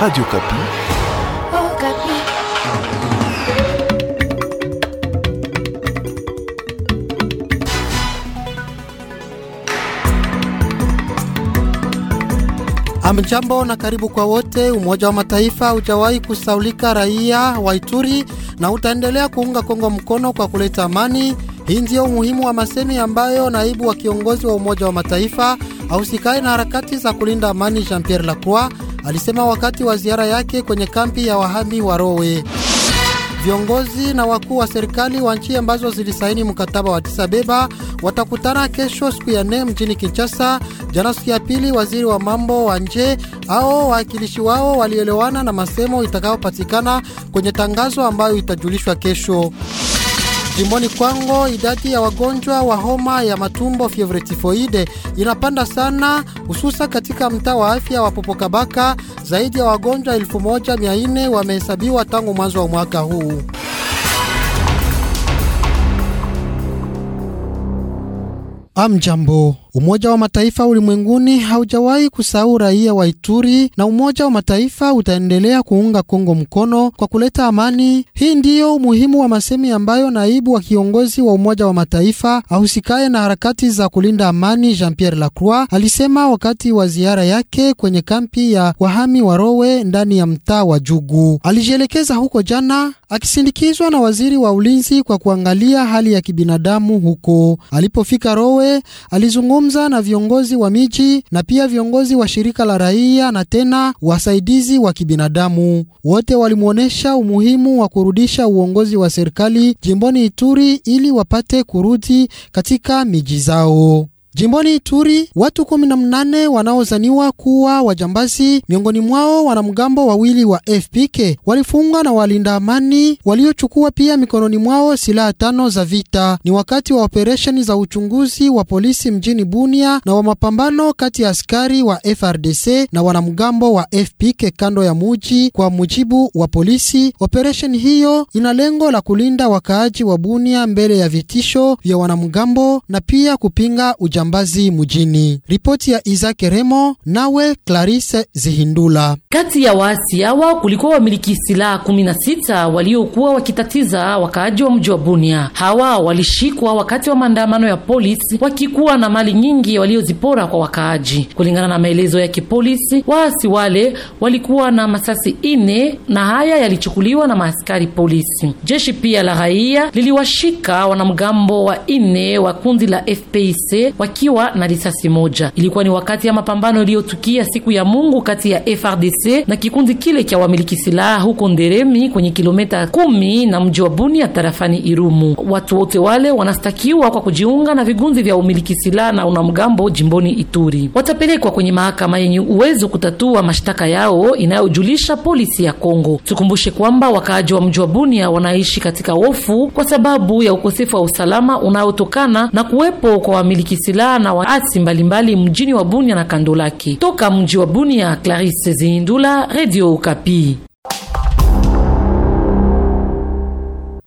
Radio Kapi. Oh, Kapi. Amjambo na karibu kwa wote. Umoja wa Mataifa hujawahi kusaulika raia wa Ituri na utaendelea kuunga Kongo mkono kwa kuleta amani. Hii ndiyo umuhimu wa masemi ambayo naibu wa kiongozi wa Umoja wa Mataifa ahusikaye na harakati za kulinda amani Jean Pierre Lacroix alisema wakati wa ziara yake kwenye kampi ya wahami wa Rowe. Viongozi na wakuu wa serikali wa nchi ambazo zilisaini mkataba wa tisa watakutana kesho siku ya nne mjini Kinshasa. Jana siku ya pili, waziri wa mambo wa nje au wawakilishi wao walielewana na masemo itakayopatikana kwenye tangazo ambayo itajulishwa kesho. Jimboni Kwango, idadi ya wagonjwa wa homa ya matumbo fievre tifoide inapanda sana, hususa katika mtaa wa afya wa Popokabaka. Zaidi ya wagonjwa 1400 wamehesabiwa tangu mwanzo wa mwaka huu. Amjambo Umoja wa Mataifa ulimwenguni haujawahi kusahau raia wa Ituri na Umoja wa Mataifa utaendelea kuunga Kongo mkono kwa kuleta amani. Hii ndiyo umuhimu wa masemi ambayo naibu wa kiongozi wa Umoja wa Mataifa ahusikaye na harakati za kulinda amani Jean-Pierre Lacroix alisema wakati wa ziara yake kwenye kampi ya wahami wa Rowe ndani ya mtaa wa Jugu. Alijielekeza huko jana akisindikizwa na waziri wa ulinzi kwa kuangalia hali ya kibinadamu huko. Alipofika Rowe alizungumza kuzungumza na viongozi wa miji na pia viongozi wa shirika la raia na tena wasaidizi wa kibinadamu. Wote walimwonyesha umuhimu wa kurudisha uongozi wa serikali jimboni Ituri ili wapate kurudi katika miji zao. Jimboni Ituri watu kumi na mnane wanaozaniwa kuwa wajambazi, miongoni mwao wanamgambo wawili wa FPK walifungwa na walinda amani waliochukua pia mikononi mwao silaha tano za vita. Ni wakati wa operesheni za uchunguzi wa polisi mjini Bunia na wa mapambano kati ya askari wa FRDC na wanamgambo wa FPK kando ya muji. Kwa mujibu wa polisi, operesheni hiyo ina lengo la kulinda wakaaji wa Bunia mbele ya vitisho vya wanamgambo na pia kupinga uja ujambazi mjini. Ripoti ya Isaac Remo nawe Clarisse Zihindula. Kati ya waasi hawa kulikuwa wamiliki silaha 16 waliokuwa wakitatiza wakaaji wa mji wa Bunia. Hawa walishikwa wakati wa maandamano ya polisi wakikuwa na mali nyingi waliozipora kwa wakaaji. Kulingana na maelezo ya kipolisi, waasi wale walikuwa na masasi ine na haya yalichukuliwa na maaskari polisi. Jeshi pia la raia liliwashika wanamgambo wa ine wa kundi la FPIC akiwa na risasi moja. Ilikuwa ni wakati ya mapambano iliyotukia siku ya Mungu kati ya FRDC na kikundi kile cha wamiliki silaha huko Nderemi kwenye kilomita kumi na mji wa Bunia tarafani Irumu. Watu wote wale wanastakiwa kwa kujiunga na vigunzi vya umiliki silaha na unamgambo jimboni Ituri. Watapelekwa kwenye mahakama yenye uwezo kutatua mashtaka yao inayojulisha polisi ya Kongo. Tukumbushe kwamba wakaaji wa mji wa Bunia wanaishi katika hofu kwa sababu ya ukosefu wa usalama unaotokana na kuwepo kwa wamiliki silaha silaha na waasi mbalimbali mjini wa Bunia na kando lake. Toka mji wa Bunia, Clarisse Zindula, Radio Okapi.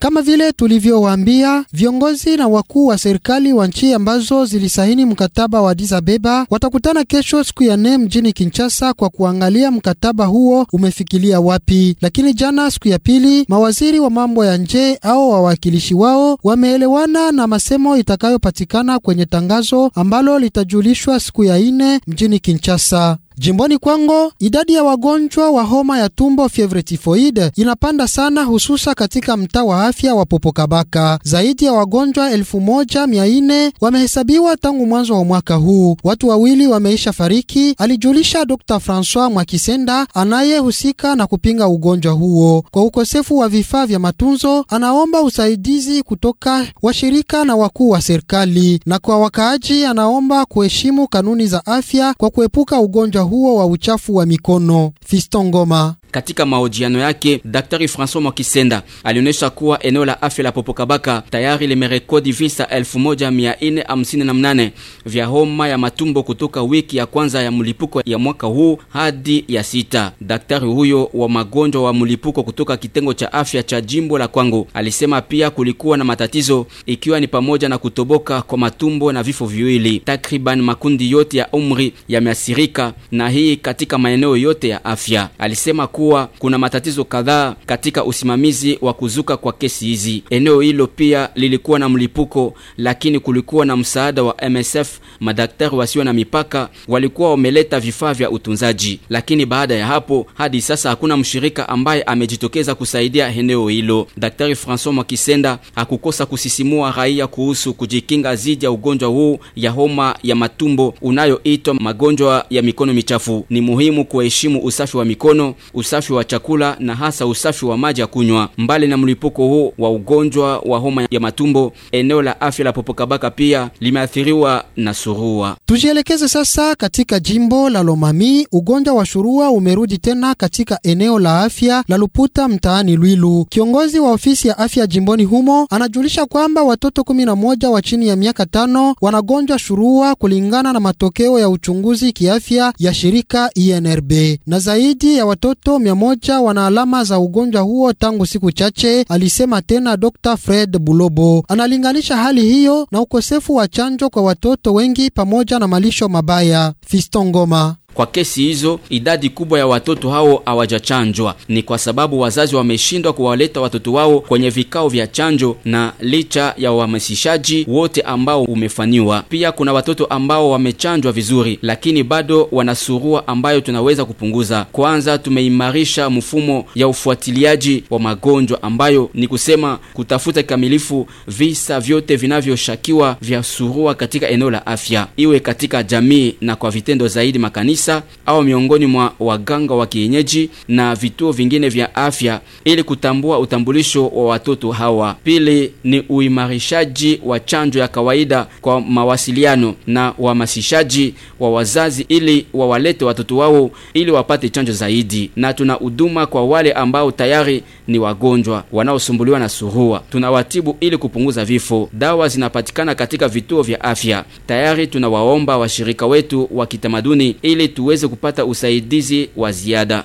Kama vile tulivyowaambia viongozi na wakuu wa serikali wa nchi ambazo zilisaini mkataba wa Addis Ababa watakutana kesho siku ya nne mjini Kinshasa kwa kuangalia mkataba huo umefikilia wapi. Lakini jana siku ya pili, mawaziri wa mambo ya nje au wawakilishi wao wameelewana na masemo itakayopatikana kwenye tangazo ambalo litajulishwa siku ya nne mjini Kinshasa. Jimboni Kwango, idadi ya wagonjwa wa homa ya tumbo fievre tifoide inapanda sana, hususa katika mtaa wa afya wa Popokabaka. Zaidi ya wagonjwa elfu moja mia nne wamehesabiwa tangu mwanzo wa mwaka huu. Watu wawili wameisha fariki, alijulisha Dr Francois Mwakisenda anayehusika na kupinga ugonjwa huo. Kwa ukosefu wa vifaa vya matunzo, anaomba usaidizi kutoka washirika na wakuu wa serikali, na kwa wakaaji anaomba kuheshimu kanuni za afya kwa kuepuka ugonjwa huo wa uchafu wa mikono. Fiston Ngoma katika mahojiano yake, Daktari Francois Mwakisenda alionyesha kuwa eneo la afya la Popokabaka tayari limerekodi visa 1458 vya homa ya matumbo kutoka wiki ya kwanza ya mlipuko ya mwaka huu hadi ya sita. Daktari huyo wa magonjwa wa mlipuko kutoka kitengo cha afya cha jimbo la Kwango alisema pia kulikuwa na matatizo ikiwa ni pamoja na kutoboka kwa matumbo na vifo viwili. Takriban makundi yote ya umri yameathirika na hii katika maeneo yote ya afya. Alisema kuwa kuwa kuna matatizo kadhaa katika usimamizi wa kuzuka kwa kesi hizi. Eneo hilo pia lilikuwa na mlipuko, lakini kulikuwa na msaada wa MSF. Madaktari wasio na mipaka walikuwa wameleta vifaa vya utunzaji, lakini baada ya hapo hadi sasa hakuna mshirika ambaye amejitokeza kusaidia eneo hilo. Daktari Francois Mwakisenda hakukosa kusisimua raia kuhusu kujikinga zidi ya ugonjwa huu ya homa ya matumbo unayoitwa magonjwa ya mikono michafu. Ni muhimu kuheshimu usafi wa mikono usafi usafi wa chakula na hasa usafi wa maji ya kunywa. Mbali na mlipuko huu wa ugonjwa wa homa ya matumbo, eneo la afya la Popokabaka pia limeathiriwa na surua. Tujielekeze sasa katika jimbo la Lomami. Ugonjwa wa surua umerudi tena katika eneo la afya la Luputa mtaani Lwilu. Kiongozi wa ofisi ya afya jimboni humo anajulisha kwamba watoto moja wa chini ya miaka tano wanagonjwa surua kulingana na matokeo ya uchunguzi kiafya ya shirika INRB na zaidi ya watoto mia moja wana alama za ugonjwa huo tangu siku chache, alisema tena Dr. Fred Bulobo. Analinganisha hali hiyo na ukosefu wa chanjo kwa watoto wengi pamoja na malisho mabaya. Fiston Ngoma kwa kesi hizo, idadi kubwa ya watoto hao hawajachanjwa. Ni kwa sababu wazazi wameshindwa kuwaleta watoto wao kwenye vikao vya chanjo, na licha ya uhamasishaji wote ambao umefanyiwa. pia kuna watoto ambao wamechanjwa vizuri, lakini bado wanasurua ambayo tunaweza kupunguza. Kwanza, tumeimarisha mfumo ya ufuatiliaji wa magonjwa ambayo ni kusema kutafuta kikamilifu visa vyote vinavyoshakiwa vya surua katika eneo la afya, iwe katika jamii na kwa vitendo zaidi makanisa kabisa au miongoni mwa waganga wa kienyeji na vituo vingine vya afya ili kutambua utambulisho wa watoto hawa. Pili ni uimarishaji wa chanjo ya kawaida kwa mawasiliano na uhamasishaji wa wazazi ili wawalete watoto wao ili wapate chanjo zaidi, na tuna huduma kwa wale ambao tayari ni wagonjwa wanaosumbuliwa na surua, tunawatibu ili kupunguza vifo. Dawa zinapatikana katika vituo vya afya tayari. Tunawaomba washirika wetu wa kitamaduni ili tuweze kupata usaidizi wa ziada.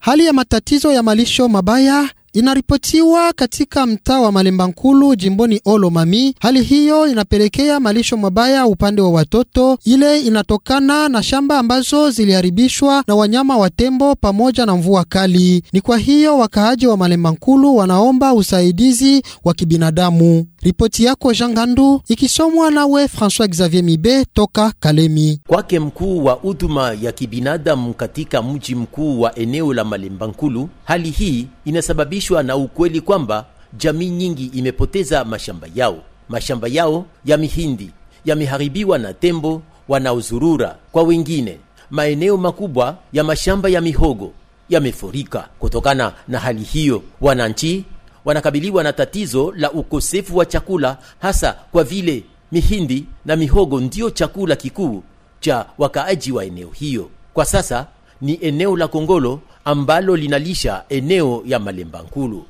Hali ya matatizo ya malisho mabaya Inaripotiwa katika mtaa wa Malemba Nkulu jimboni Olo Mami. Hali hiyo inapelekea malisho mabaya upande wa watoto, ile inatokana na shamba ambazo ziliharibishwa na wanyama wa tembo pamoja na mvua kali. Ni kwa hiyo wakaaji wa Malemba Nkulu wanaomba usaidizi wa kibinadamu. Ripoti yako Jean Gandu ikisomwa nawe François Xavier Mibe toka Kalemi. Kwake mkuu wa huduma ya kibinadamu katika mji mkuu wa eneo la Malemba Nkulu, hali hii inasababishwa na ukweli kwamba jamii nyingi imepoteza mashamba yao. Mashamba yao ya mihindi yameharibiwa na tembo wanaozurura. Kwa wengine, maeneo makubwa ya mashamba ya mihogo yamefurika. Kutokana na hali hiyo, wananchi wanakabiliwa na tatizo la ukosefu wa chakula, hasa kwa vile mihindi na mihogo ndiyo chakula kikuu cha wakaaji wa eneo hiyo. Kwa sasa ni eneo la Kongolo ambalo linalisha eneo ya Malemba Nkulu.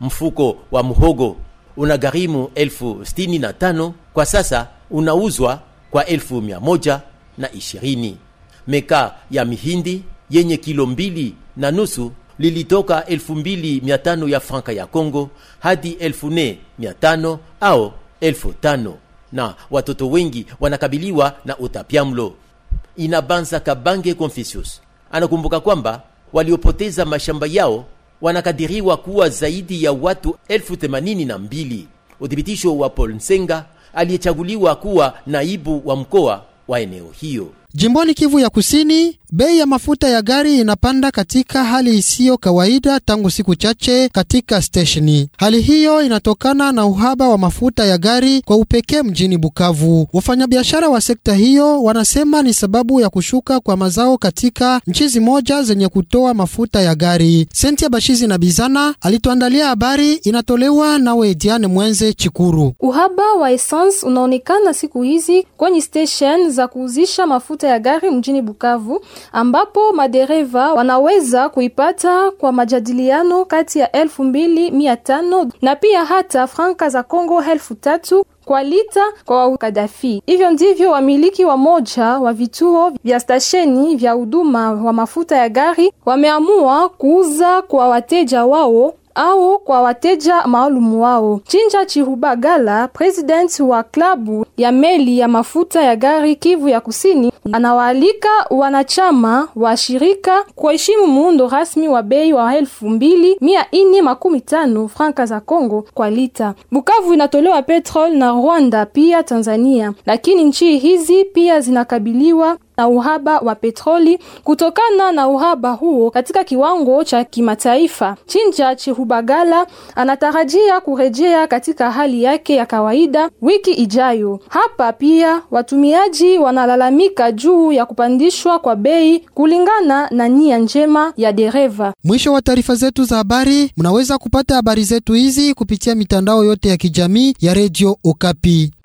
Mfuko wa muhogo una gharimu elfu sitini na tano kwa sasa unauzwa kwa elfu mia moja na ishirini. Meka ya mihindi yenye kilo mbili na nusu lilitoka 2500 ya franka ya Kongo hadi 4500 au 5000, na watoto wengi wanakabiliwa na utapiamlo. Inabanza Kabange Confucius anakumbuka kwamba waliopoteza mashamba yao wanakadiriwa kuwa zaidi ya watu elfu themanini na mbili. Udhibitisho wa Paul Nsenga aliyechaguliwa kuwa naibu wa mkoa wa eneo hiyo jimboni Kivu ya Kusini. Bei ya mafuta ya gari inapanda katika hali isiyo kawaida tangu siku chache katika stesheni. Hali hiyo inatokana na uhaba wa mafuta ya gari kwa upekee mjini Bukavu. Wafanyabiashara wa sekta hiyo wanasema ni sababu ya kushuka kwa mazao katika nchi zimoja zenye kutoa mafuta ya gari. Senti Bashizi na Bizana alituandalia habari, inatolewa na Wediane Mwenze Chikuru. Uhaba wa essence unaonekana siku hizi kwenye stesheni za kuuzisha mafuta ya gari mjini Bukavu ambapo madereva wanaweza kuipata kwa majadiliano kati ya elfu na pia hata franka za Kongo elfu tatu kwa lita kwa Kadafi. Hivyo ndivyo wamiliki wa moja wa vituo vya stasheni vya huduma wa mafuta ya gari wameamua kuuza kwa wateja wao au kwa wateja maalumu wao. Chinja Chihubagala, president wa klabu ya meli ya mafuta ya gari Kivu ya Kusini, anawaalika wanachama wa shirika kuheshimu muundo rasmi wa bei wa elfu mbili mia ine makumi tano franka za Kongo kwa lita. Bukavu inatolewa petrol na Rwanda pia Tanzania, lakini nchi hizi pia zinakabiliwa na uhaba wa petroli. Kutokana na uhaba huo katika kiwango cha kimataifa, Chinja Chihubagala anatarajia kurejea katika hali yake ya kawaida wiki ijayo. Hapa pia watumiaji wanalalamika juu ya kupandishwa kwa bei kulingana na nia njema ya dereva. Mwisho wa taarifa zetu za habari, mnaweza kupata habari zetu hizi kupitia mitandao yote ya kijamii ya Redio Okapi.